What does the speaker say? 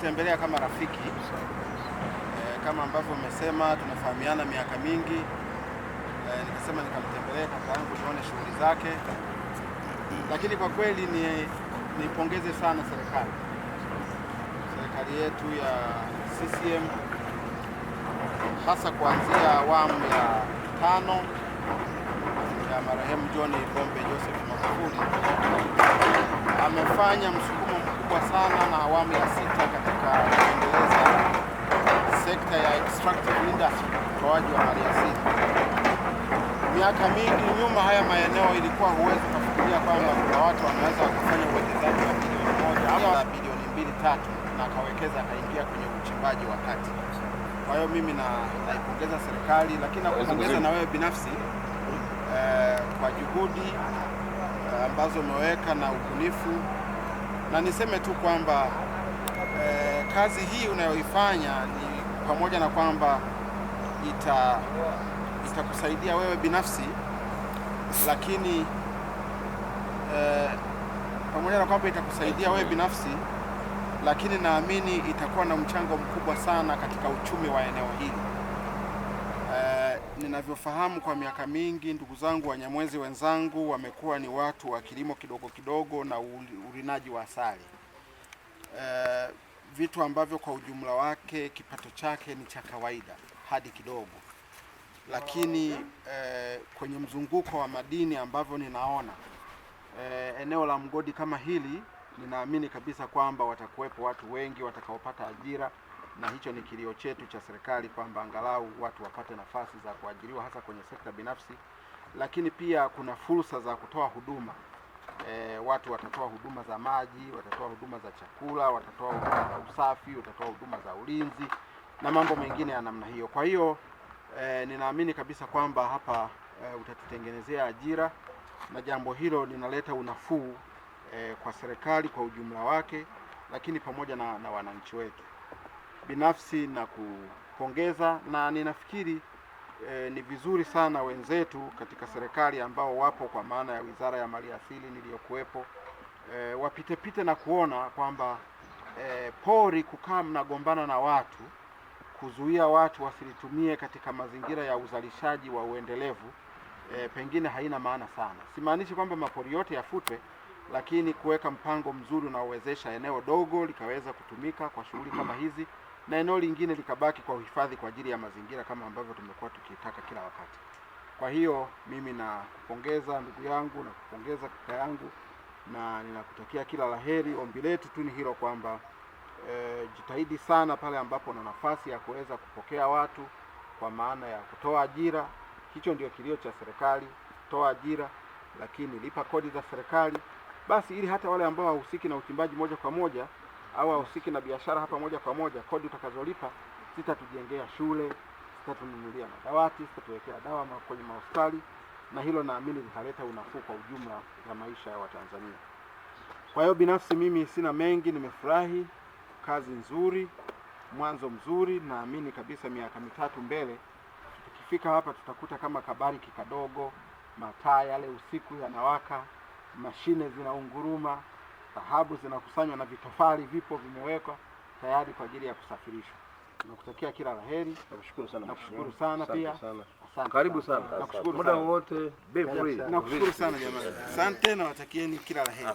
kutembelea kama rafiki e, kama ambavyo umesema tunafahamiana miaka mingi e, nikasema nikamtembelea kaka yangu tuone shughuli zake, lakini kwa kweli ni nipongeze sana serikali serikali yetu ya CCM hasa kuanzia awamu ya tano ya marehemu John Pombe Joseph Magufuli amefanya msukumo mkubwa sana na awamu ya sita sekta ya extractive industry, utoaji wa maliasili. Miaka mingi nyuma, haya maeneo ilikuwa huwezi kufikiria kwamba kuna watu wanaweza wakafanya uwekezaji wa bilioni moja au bilioni mbili tatu, na akawekeza akaingia kwenye uchimbaji wa kati. Kwa hiyo mimi naipongeza na serikali, lakini nakupongeza na wewe binafsi eh, kwa juhudi eh, ambazo umeweka na ubunifu, na niseme tu kwamba eh, kazi hii unayoifanya ni pamoja na kwamba ita itakusaidia wewe binafsi, lakini eh, pamoja na kwamba itakusaidia wewe binafsi, lakini naamini itakuwa na mchango mkubwa sana katika uchumi wa eneo hili. Eh, ninavyofahamu kwa miaka mingi, ndugu zangu Wanyamwezi wenzangu wamekuwa ni watu wa kilimo kidogo kidogo na urinaji wa asali. Eh, vitu ambavyo kwa ujumla wake kipato chake ni cha kawaida hadi kidogo, lakini eh, kwenye mzunguko wa madini ambavyo ninaona eh, eneo la mgodi kama hili, ninaamini kabisa kwamba watakuwepo watu wengi watakaopata ajira na hicho ni kilio chetu cha serikali kwamba angalau watu wapate nafasi za kuajiriwa hasa kwenye sekta binafsi, lakini pia kuna fursa za kutoa huduma e, watu watatoa huduma za maji, watatoa huduma za chakula, watatoa huduma za usafi, watatoa huduma za ulinzi na mambo mengine ya namna hiyo. Kwa hiyo e, ninaamini kabisa kwamba hapa e, utatutengenezea ajira na jambo hilo linaleta unafuu e, kwa serikali kwa ujumla wake, lakini pamoja na, na wananchi wetu. Binafsi na kupongeza na ninafikiri e, ni vizuri sana wenzetu katika serikali ambao wapo kwa maana ya Wizara ya Maliasili niliyokuwepo e, eh, wapitepite na kuona kwamba e, pori kukaa mnagombana na watu kuzuia watu wasilitumie katika mazingira ya uzalishaji wa uendelevu e, pengine haina maana sana. Simaanishi kwamba mapori yote yafutwe, lakini kuweka mpango mzuri unaowezesha eneo dogo likaweza kutumika kwa shughuli kama hizi na eneo lingine likabaki kwa uhifadhi kwa ajili ya mazingira kama ambavyo tumekuwa tukitaka kila wakati. Kwa hiyo mimi nakupongeza ndugu yangu, nakupongeza kaka yangu na ninakutakia kila laheri. Ombi letu tu ni hilo kwamba e, jitahidi sana pale ambapo una nafasi ya kuweza kupokea watu kwa maana ya kutoa ajira. Hicho ndio kilio cha serikali, toa ajira, lakini lipa kodi za serikali basi, ili hata wale ambao hawahusiki na uchimbaji moja kwa moja au hahusiki na biashara hapa moja kwa moja, kodi utakazolipa zitatujengea shule, zitatununulia madawati, zitatuwekea dawa kwenye mahospitali, na hilo naamini litaleta unafuu kwa ujumla ya maisha ya Watanzania. Kwa hiyo binafsi mimi sina mengi, nimefurahi. Kazi nzuri, mwanzo mzuri. Naamini kabisa miaka mitatu mbele tukifika hapa tutakuta kama kabari kikadogo, mataa yale usiku yanawaka, mashine zinaunguruma. Dhahabu zinakusanywa na vitofali vipo vimewekwa tayari kwa ajili ya kusafirishwa. Nakutakia kila la heri. Nakushukuru sana, nakushukuru sana pia. Asante, karibu sana, nakushukuru muda wote. Nakushukuru sana jamani, asante, nawatakieni kila la heri.